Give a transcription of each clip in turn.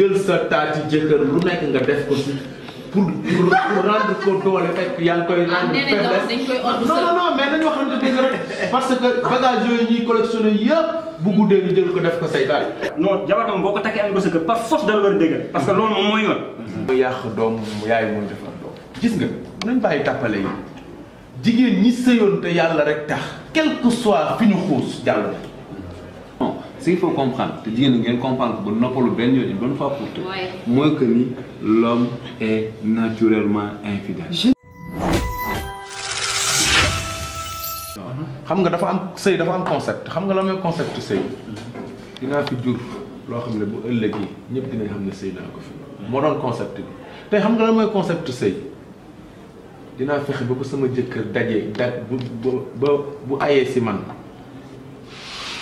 jël sa taati jëkkër lu nekk nga def ko si pour pour rendre ko doole fekk yaa koy. rendre ah, faible que bagage yooyu ñuy collectionné yëpp bu guddee ñu jël ko def ko say taay. non jabatam boo ko takkee am ko sa kër par force da la war parce que loolu moom mooy yoon. mooy yàq doomu yaay mooy defar doom gis nga nañ bàyyi tàppale yi jigéen ñi sëyoon te yàlla rek tax quel que soit fi ñu xuus jàll. ce qu'il faut comprendre te jigéen ngeen comprendre ba noppalu benn yoon une bonne fois pour toutes mooy que ni l'homme est naturellement infidèle xam nga dafa am sëy dafa am concept xam nga la mooy concept sëy dinaa fi jur loo xam ne bu ëllëgee ñëpp dinañ xam ne sëy ko fi moo concept bi tey xam nga la mooy concept sëy dinaa fexe ba ko sama jëkkër dajee daj bu ba bu ayee si man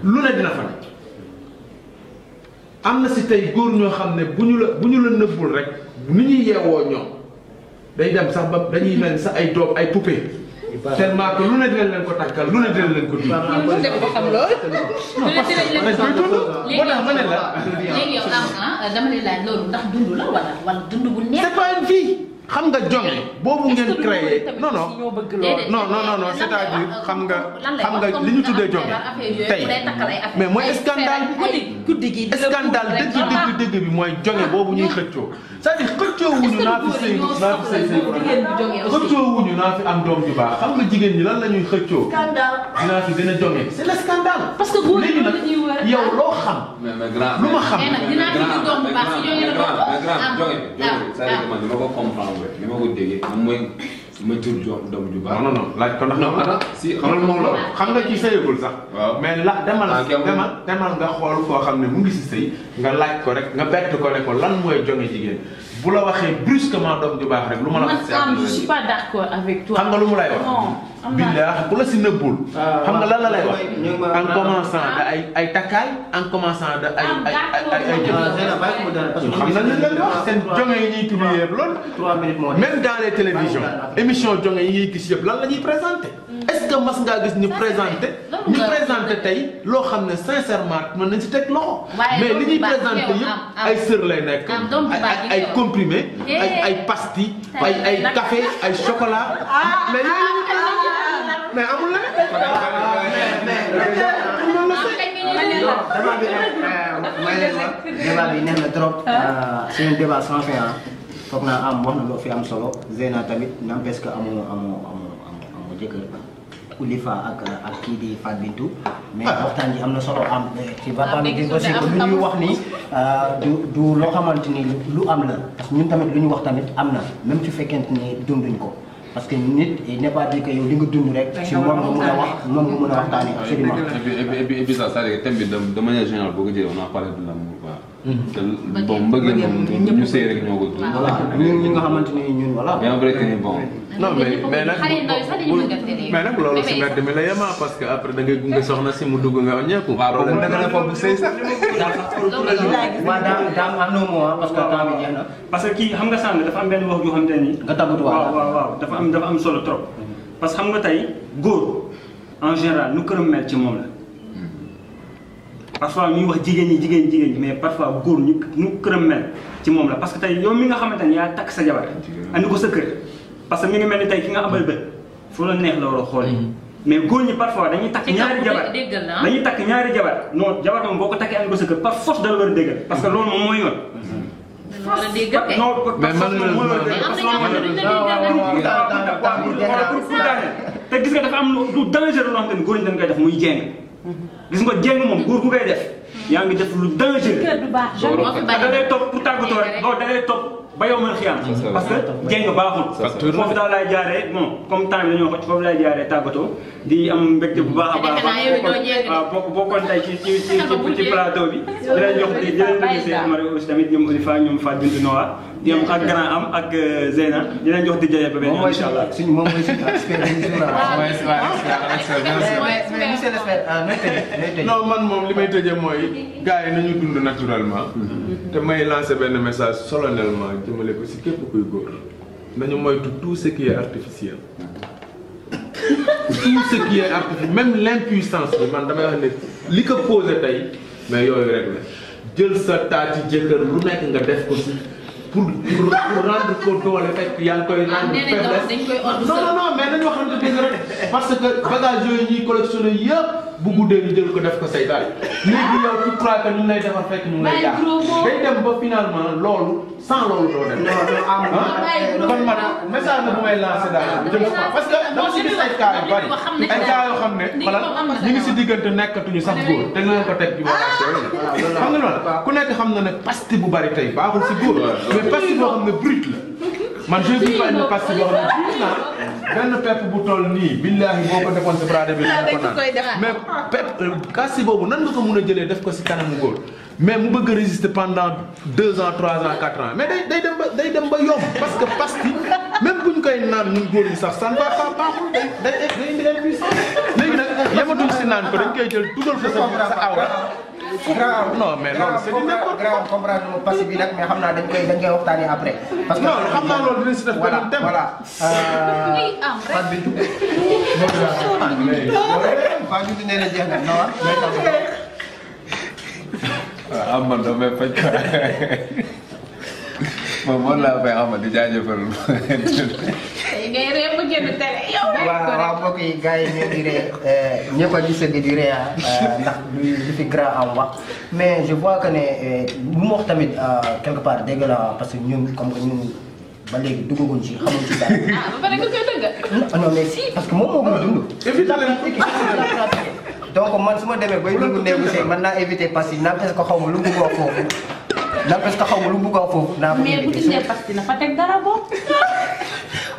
lu ne dina fa am na si tey góor ñoo xam ne bu ñu la bu ñu la nëbbul rek ni ñuy yeewoo ñoom day dem sax ba dañuy mel sax ay doom ay poupée tellement que lu ne dinañ leen ko tàkkal lu ne dinañ leen ko di. ko xam lool. léegi yow dama lay laaj loolu ndax dund la wala wala dund bu neex. xam nga jonge boobu ngeen créé non non non non non c'est-à-dire xam nga xam nga li ñu tuddee jonge tey mais mooy scandale bi scandale dëgg dëgg dëgg bi mooy jonge boobu ñuy xëccoo xëccoo wuñu naa naa fi am doom ju baax xam nga jigéen ñi lan la ñuy xëccoo. dinaa fi gën a jonge c'est le scandale. parce que góor ñi yow ah. loo xam. lu ma xam. dinaa fi gën doom bu baax si ñooñu la ah, ah, ko. ah ah ah ah ah ah ah ah ah ah ah ah su ma jur doom doom ju baax. non non laaj ko ndax. non si xam nga moom la xam nga ci sëyagul sax. waaw mais la demal. Ah, demal demal nga xool koo xam ne mu ngi si sëy. nga laaj ko rek nga bett ko ne ko lan mooy jonge jigéen bu la waxee brusquement doom ju baax rek. lu ma la wax si je suis pas d'accord avec toi. xam nga lu mu lay wax. billah bu la si nëbbul. Ah, xam nga lan la lay wax. en commençant da ah. ay ay takkaay en commençant da ay ay ay ay ah, xam nga li leen di wax seen jonge yi ñuy émission jonge yi ngay gis yëpp lan la ñuy présenté. Mm. est-ce que mas ngaa gis ñu présenté. ñu présenté tey loo xam ne sincèrement mën nañ si teg loxo. mais li ñuy présenté yëpp ay sër lay nekk. ay ay comprimé ay ay pastilles ay ay café ay chocolat. mais amul la euh, débat bi neex na trop. Ah. Euh, suñu foog naa am wax na loo fi am solo Zeyna tamit n'empêche que amoo amoo amoo amoo jëkkër ak kii di Fat Bintou. mais ah. waxtaan ji am na solo am. ci ah, waxtaan bi aussi que lu ñuy wax ni euh, du du loo xamante ni lu am la. parce que ñun tamit lu ñu wax tamit am na même su fekkente ni dunduñ ko. parce que nit il n'est pas dit que yow li nga dund rek. ci moom nga mën a wax moom nga mën a waxtaanee. absolument et puis et puis et puis ça c'est-à-dire thème bi de de manière générale boo ko jëlee on a parlé de l'amour quoi. Mm-hmm. bon mbëggeel moom ñu sëy rek ñoo ko. voilà ñun ñi nga xamante ni ñun voilà. bien vrai que ni bon. non mais mais nag mais nag loolu si mbedd mi la yema ah, après da ngay gunge soxna si mu dugg nga ñeeku. waaw boobu nag la foofu sëy sax. waaw daam am na moo ah, parce que temps xam nga sànq dafa am benn wax joo xam te nga tàggatu waaw waaw waaw dafa am dafa am solo trop. Mm-hmm. parce que xam nga tey góor en général nu këram mel ci moom la. parfois ñuy wax jigéen ñi jigéen mais parfois góor ñu nu këram ci moom la parce que tey yow mi nga xamante ni yaa sa jabar andi ko sa kër parce que mi ngi ki nga abal bët fu la neex la mm-hmm. mais ñi parfois dañuy takk ñaari jabar dañuy takk ñaari jabar non jabar moom boo ko andi ko sa kër par force dala war a déggal parce que loolu moom mooy yoon te gis nga dafa am lu dangereux loo gis nga jéng moom góor gu koy def. yaa ngi def lu dangereux. da lay topp pour tàggatoo rek non da lay ba yow mën xiyam. parce que jéng baaxul. foofu daal laay jaaree bon comme temps bi dañoo ko foofu laay di am mbégte bu baax a baax. waaw boo ko boo ko tey ci ci ci plateau bi. di leen jox di leen remercier Amara aussi tamit ñoom Olifa ñoom Fatou Bintou déem ak grand am ak euh, Zeyna di jox di jaay ba benn incha allah moom mooy suñu expert non man moom li may tëjee mooy gars yi nañu dund naturellement. Mm-hmm. te may lancer benn message solennellement jëmale ko si képp kuy góor nañu moytu tout ce qui est artificiel. tout ce artificiel même l'impuissance bi man damay wax ne li ko posé tey mais yooyu rek la jël sa taati jëkkër lu nekk nga def ko si. pour pour rendre ko doole fekk yaa ngi koy. rendre ah, faiblesse non non non mais nañu waxante dëgg rek. parce que bagage yooyu ñuy collectionné yëpp bu guddee ñu jël ko def ko say bari léegi yow tu crois que ñu lay defar fekk ñu lay jaar day dem ba finalement loolu. sans loolu doo dem. non ah? Ah, kon man message la bu may lancer daal parce que dama si gis ay cas yu bari ay cas yoo xam ne xolal ñu ngi si diggante nekkatuñu sax góor. te nga leen ko teg ci wàllu xam nga loolu ku nekk xam na ne pasti bu bari tey baaxul si góor mais pasti boo xam ne brut man je vis pas une past boo xam ne gis naa benn pepp bu toll nii billaahi boo ko defoon si braade bi dina ko naan mais pepp kasi euh, boobu nan nga ko mun a jëlee def ko si kanamu góor mais mu bëgg a résister pendant deux ans trois ans quatre ans mais day day dem ba day dem ba yomb parce que pasti même bu ñu koy naan ñun góor ñi sax san ba ba baaxul day day day indi impuissance léegi nag yamatuñ si naan ko dañ koy jël dugal ko sa sa grave non mais loolu c'est du n'importe quoi grave comprendre ma passé bi nag mais xam naa dañ koy dañ koy waxtaanee après. parce que non xam naa loolu dina si def benn dem voilà voilà. Euh, am man ah, damay faj ko moom moom laa fay am di jaajëfal benn télé yow rek. waaw waaw mbokk yi gars yi ñoo di sëgg di ree ndax lu fi grand am wax mais je vois que ne eh, bu tamit quelque part dégg la parce que ñun comme que ñun. ba léegi duggaguñ ci xamuñ ci dara. ah ba pare nga koy dëgg. non mais si parce que moom moo gën a dund. éviter donc man su ma demee bay dugg négocier man naa éviter parce que naa parce que xaw ma lu bëgg a foofu naa parce que xaw ma lu bëgg a foofu. naa ko éviter mais bu dina teg dara boobu.